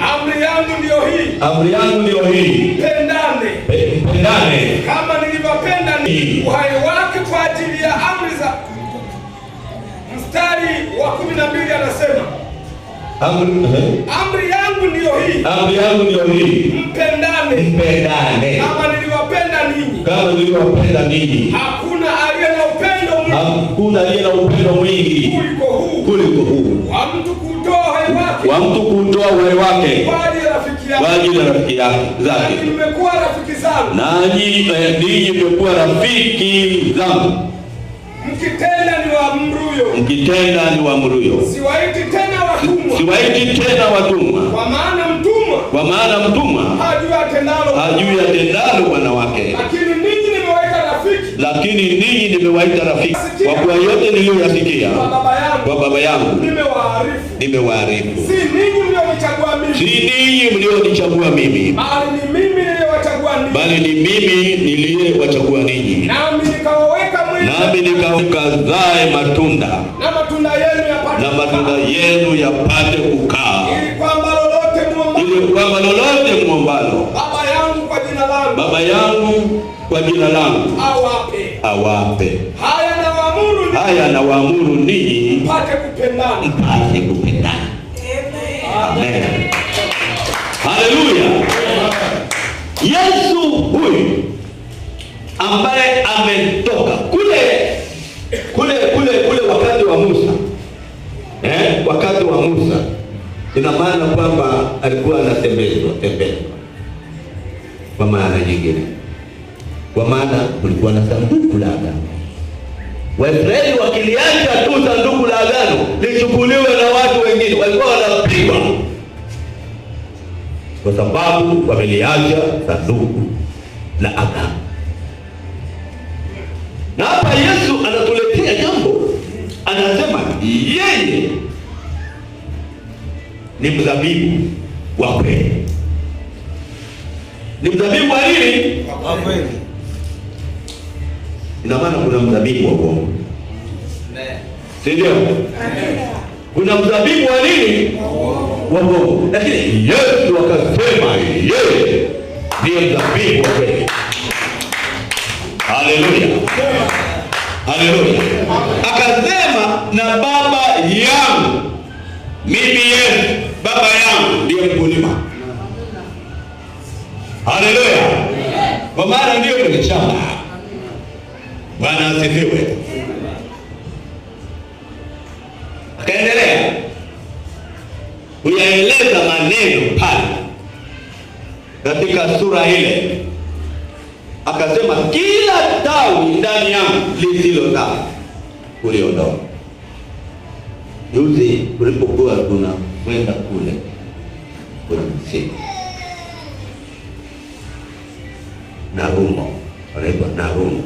Amri yangu ndio hii. Amri yangu ndio hii. Pendane. Pendane. Kama nilivyopenda ni Uhai wake kwa ajili ya amri za Mstari wa 12 anasema Amri, uh eh? -huh. amri yangu ndio hii. Amri yangu ndio hii. Mpendane. Mpendane. Kama nilivyopenda ninyi. Kama nilivyopenda ninyi. Hakuna aliye na upendo mwingi. Hakuna aliye na upendo mwingi kuliko huu. Kuliko huu. Kwa mtu wa mtu kutoa uhai wake kwa ajili ya rafiki zake, nanyi eh, ninyi mmekuwa rafiki zangu mkitenda ni waamruyo. Siwaiti tena watumwa, kwa maana mtumwa hajui atendalo bwana wake lakini ninyi nimewaita rafiki, kwa kuwa yote niliyoyasikia kwa baba yangu nimewaarifu. Si ninyi mlionichagua mimi, bali ni mimi niliyewachagua ninyi, nami nikazae matunda na matunda yenu yapate kukaa, ili kwamba lolote mwombalo Baba yangu kwa jina langu awape awape haya na waamuru ni, haya na waamuru ni mpate kupendana mpate kupendana amen, amen. haleluya Yesu huyu ambaye ametoka kule kule kule kule wakati wa Musa eh, wakati wa Musa ina maana kwamba alikuwa anatembezwa tembezwa kwa maana nyingine kwa maana kulikuwa na sanduku la agano. Waisraeli wakiliacha tu sanduku la agano lichukuliwe na watu wengine, walikuwa wanapigwa kwa sababu wameliacha sanduku la agano. Na hapa Yesu anatuletea jambo, anasema yeye ni mzabibu wa kweli, ni mzabibu wa nini? Wa kweli Ina maana kuna mdhabibu wa uongo, si ndio? Kuna mdhabibu wa nini? Wa uongo. Lakini Yesu akasema yeye ndiye mdhabibu wa kweli. Haleluya, haleluya. Akasema na baba yangu mimi Yesu baba asifiwe. Akaendelea kuyaeleza maneno pale katika sura ile, akasema kila tawi ndani yangu lisilozaa uliondoa. Juzi tulipokuwa tunakwenda kule kwenye msitu Narumo, anaitwa Narumo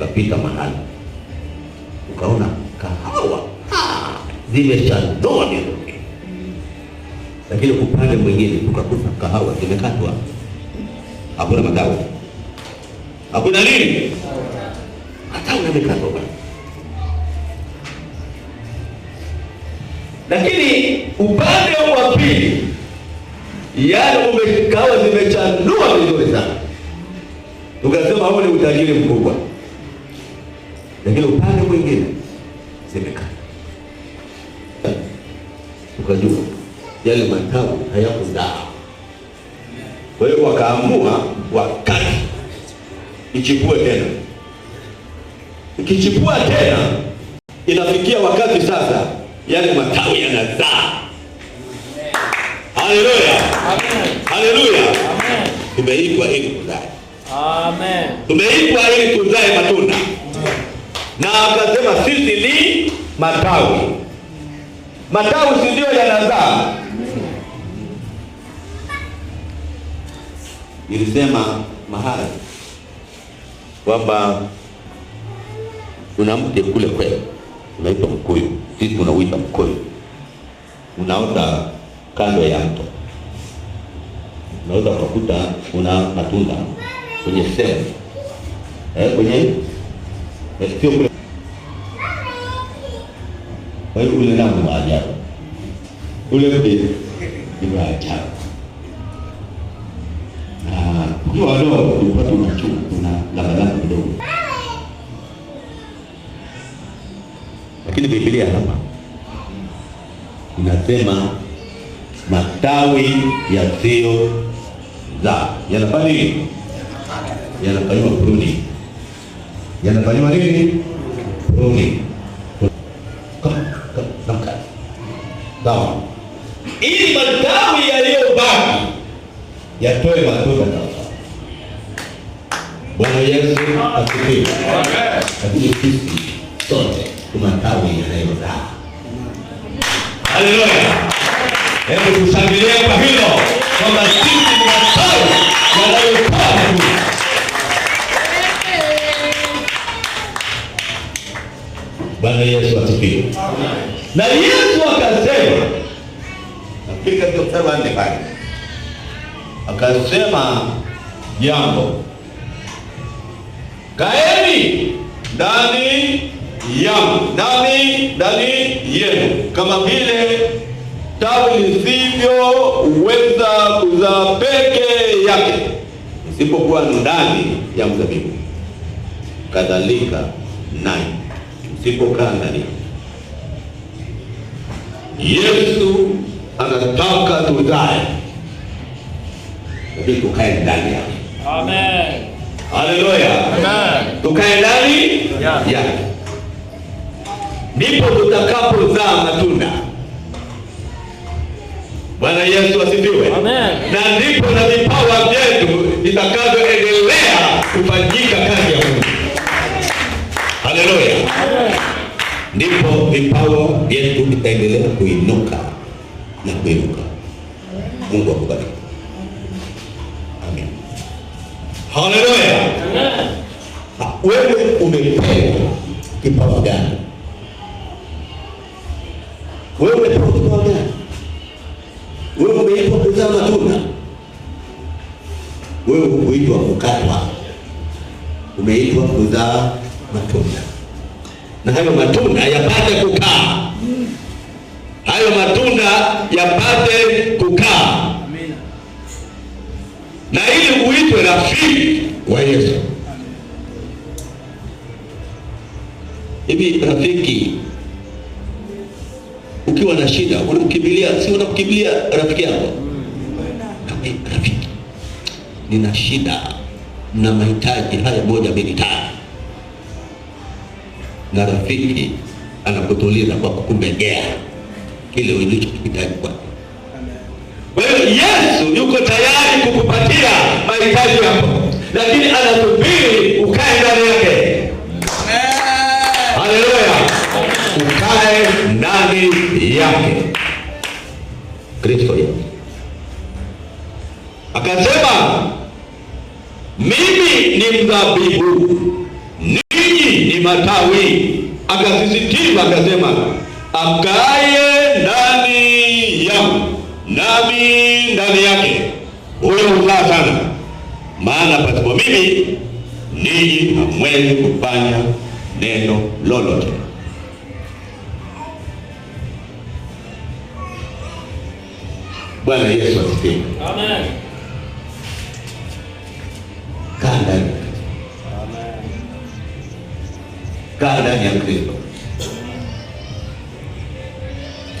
ukapita mahali ukaona kahawa zimechandoa vizuri, lakini upande mwingine tukakuta kahawa zimekatwa, hakuna matawi, hakuna nini, matawi yamekatwa bwana. Lakini upande wa pili, yale umekawa zimechandoa vizuri sana, tukasema huu ni utajiri mkubwa. Lakini upande mwingine semekana ukajua yale matawi hayakuzaa. Kwa hiyo wakaamua wakati ichipue tena, ikichipua tena, inafikia wakati sasa yale matawi yanazaa. Haleluya, haleluya! Tumeitwa ili kuzae, tumeitwa ili kuzae matunda na akasema sisi ni matawi. Matawi si ndio yanazaa? Nilisema mahali kwamba kuna mti kule kwetu unaitwa mkuyu, sisi unauita mkuyu, unaota kando ya mto, unaweza ukakuta una matunda kwenye sehemu eh, kwenye Natukio kule kwa hiyo ule nao ni waajabu, ule mde ni waajabu. Na ukiwa wadogo ulikuwa tunachunga, tuna labalaba kidogo, lakini Biblia hapa inasema matawi yasiyozaa yanafanya nini? Yanafanyiwa pruni yanafanywa nini? Pruning. Ili matawi yaliyobaki yatoe matunda Bwana Yesu asifiwe. Lakini sisi sote tumatawi yanayozaa. Haleluya. Hebu tushangilie kwa hilo kwamba Bwana Yesu asifiwe. Na Yesu akasema, nafika hiyo saba nne pale, akasema jambo, kaeni ndani yangu nami ndani yenu, kama vile tawi uweza kuzaa peke yake isipokuwa ndani ya mzabibu, kadhalika nani ziko kandani. Yesu anataka tuzae, lakini tukae ndani yake. Amen. Haleluya. Amen. Tukae ndani yake. Yeah. Ndipo tutakapozaa matunda. Bwana Yesu asifiwe. Amen. Na ndipo na vipawa vyetu vitakavyoendelea kufanyika kazi ya Mungu. Haleluya ndipo vipawa vyetu vitaendelea kuinuka na kuinuka. Mungu akubariki. Amen. Haleluya. Wewe umepewa kipawa gani? Wewe umepewa kipawa gani? Wewe umeitwa kuzaa matunda? Wewe hukuitwa kukatwa, umeitwa kuzaa matunda na hayo matunda yapate kukaa, hayo matunda yapate kukaa, na ili uitwe rafiki wa Yesu. Hivi rafiki ukiwa na shida unamkimbilia, si unamkimbilia rafiki yako? Rafiki, nina shida na mahitaji haya moja mbili tatu na rafiki anakutuliza kwa kukumegea kile ulichokihitaji kwake. Kwa hiyo Yesu yuko tayari kukupatia mahitaji yako, lakini anasubiri ukae ndani yake. Haleluya! ukae ndani yake Kristo yake. Akasema mimi ni mzabibu matawi. Akasisitiza akasema, akaye ndani yangu nami ndani yake, huyo huzaa sana, maana pasipo mimi ninyi hamwezi kufanya neno lolote. Bwana Yesu asifiwe. Amen. ndani kaa ndani ya upendo.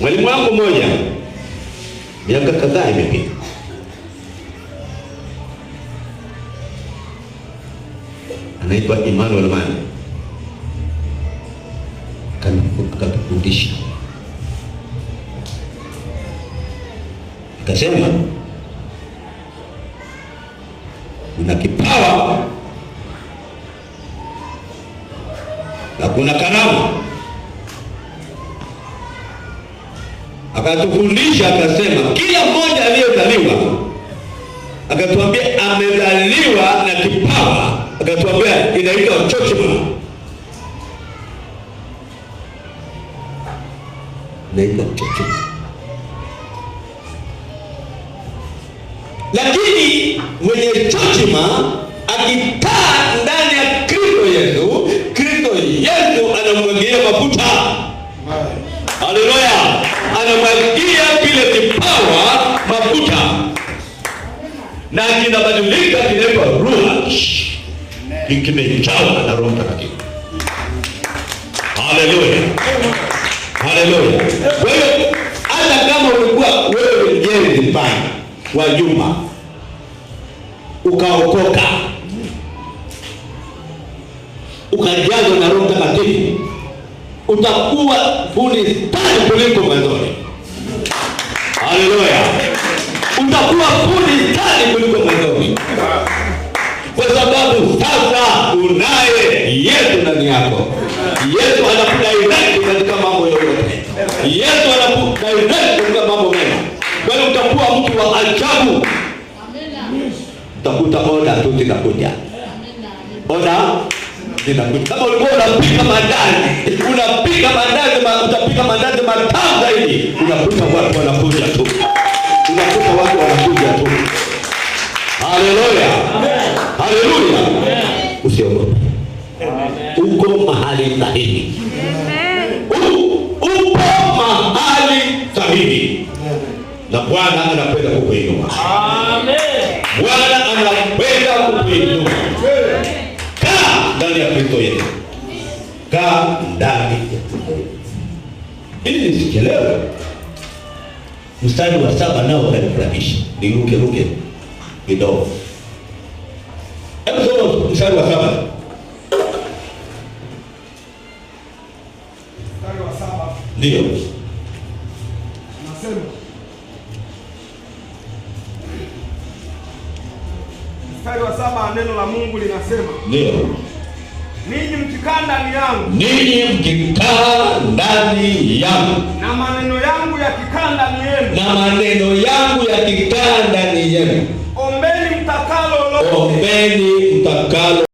Mwalimu wangu mmoja, miaka kadhaa imepita, anaitwa Emmanuel Mane, akatufundisha akasema, una kipawa hakuna karamu. Akatufundisha akasema, kila mmoja aliyezaliwa, akatuambia amezaliwa na kipawa, akatuambia inaitwa chochima, inaitwa chochima, lakini mwenye chochma akita kile kipawa mafuta na kinabadilika, kinaitwa ruach, kimejawa na Roho Mtakatifu. Haleluya, haleluya. Kwa hiyo hata kama ulikuwa wewe mjenzi mbaya wa jumba ukaokoka ukajazwa na Roho Mtakatifu utakuwa fundi stadi kuliko mwanzoni. kuwa kuni kali kuliko mwanzoni, kwa sababu sasa unaye Yesu ndani yako. Yesu anakudirect katika mambo yoyote. Yesu anakudirect katika mambo mema. Kwa hiyo utakuwa mtu wa ajabu, utakuta oda tu zinakuja, oda zinakuja. Kama ulikuwa unapika mandazi, unapika mandazi, utapika mandazi matamu zaidi, unakuta watu wanakuja tu Bwana anapenda kukuinua. Amen. Bwana anapenda kukuinua. Kaa ndani ya Kristo yetu, kaa ndani ya Kristo yetu ili nisichelewe. Mstari wa saba nao ukanifurahisha, niruke ruke kidogo. Hebu soma mstari wa saba. Ndio. Nasema mstari wa saba neno la Mungu linasema ndio, ninyi mkikaa ndani yangu, ninyi mkikaa ndani yangu, na maneno yangu yakikaa ndani yenu, na maneno yangu yakikaa ndani yenu, ombeni mtakalo lolote, ombeni mtakalo